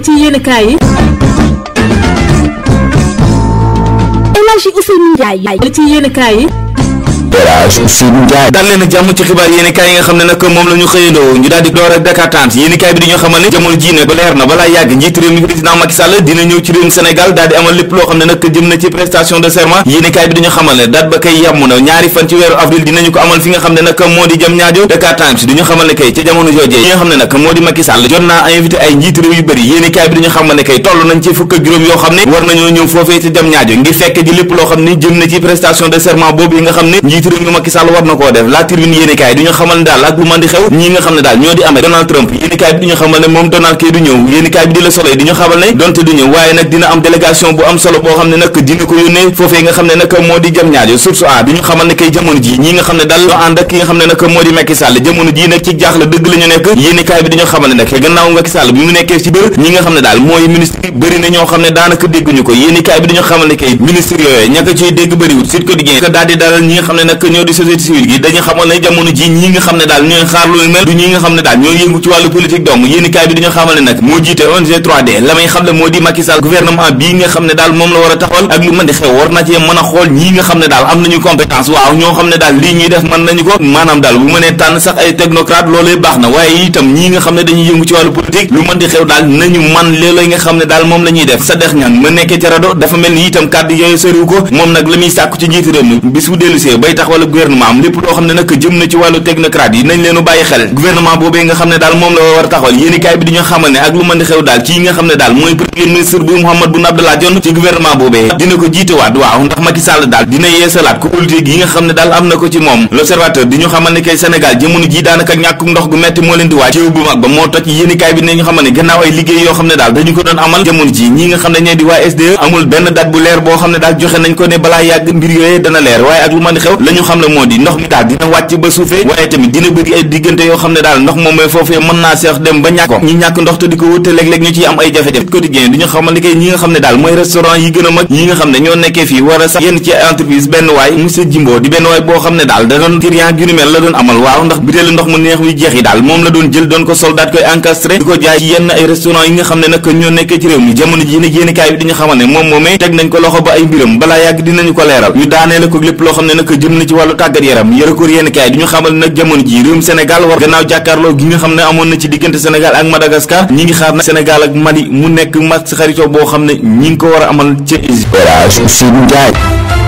ci yenn kaay yi. El Hadji Ousseynou Ndiaye ci yenn kaay yi. Elhadji Ousseynou leen jàmm ci xibaar yéeni bi di xamal ne jamono ji ba leer na balaa yàgg njiitu yi nga xam bi di xamal ne kay toll nañ ci fukk juróom yoo xam ne war nañoo ñëw foofee ca jëm ñaajo ngir fekk ji lépp loo xam ne jëm na ci prestation de serment boobu yi nga xam ne njiitu réew mi Macky Sall war na koo def la tribune yéenekaay du ñu xamal ne daal ak lu man di xew xam ne daal ñoo di amee bi du ñu xamal ne kay du ñëw yéenekaay bi di la Soleil du ko yónnee ñi daal di Macky ñi nga xam ne na nag ñoo a compétence waaw ñoo xam ne daal lii ñuy def mën nañu ko maanaam daal bu mënee tànn sax ay technocrate loolee baax na waaye itam ñi nga xam ne dañuy yëngu ci wàllu politique lu mën di xew daal nañu man léeg-léeg nga xam ne daal moom la def sa dex ñaan ma nekkee ca rado dafa mel ni itam kàddu yooyu sëriwu ko moom nag la muy sàkku ci njiitu réew mi bis bu bay tax sax wala gouvernement am lépp loo xam ne nag jëm na ci wàllu technocrate yi nañ leenu bàyyi xel gouvernement boobee nga xam ne daal moom la war a taxawal yéenekaay bi di ñu ne ak mooy premier ministre ko jiitewaat waaw ndax Macky Sall daal dina yeesalaat ko politique yi nga xam ne daal am na ko ci moom l'observateur di ñu xamal ne kay Sénégal jëmono ji daanaka ñàkkum ndox gu metti moo leen di waaj ciw bu mag ne ñu xamal dañu ko doon amal jëmono ji ñi nga xam ne ñee di waa SDE amul benn date bu leer boo xam ne daal joxe nañ ko ne balaa yàgg mbir yooyee dana leer waaye ak lu mën xew ñu xam la moo di ndox mi daal dina wàcc ba suufee waaye tamit dina bëri ay diggante yoo xam nga xam ne daal mooy restaurant yi gën a mag ñi nga xam ne ñoo nekkee fii war a sax yenn ci entreprise benn waay xam ne daal da doon client gu nu mel la doon amal waaw ndax bitéelu ndox mu neex wi moom la doon jël ko soldat koy ay restaurant yi nga xam ne nag ñoo nekkee ci réew mi xamal ne moom moomee teg nañ ko loxo ba ay mbiram balaa yàgg dinañu ko leeral ñu daanee ko lépp loo xam ne nag jëm jëmale ci wàllu tàggat yaram yore ko yenn kaay di ñu xamal nag jamono ji réewum Sénégal war gannaaw jàkkaarloo gi nga xam ne amoon na ci diggante Sénégal ak Madagascar ñi ngi xaar na Sénégal ak Mali mu nekk match xaritoo boo xam ne ñi ngi ko war a amal ci Égypte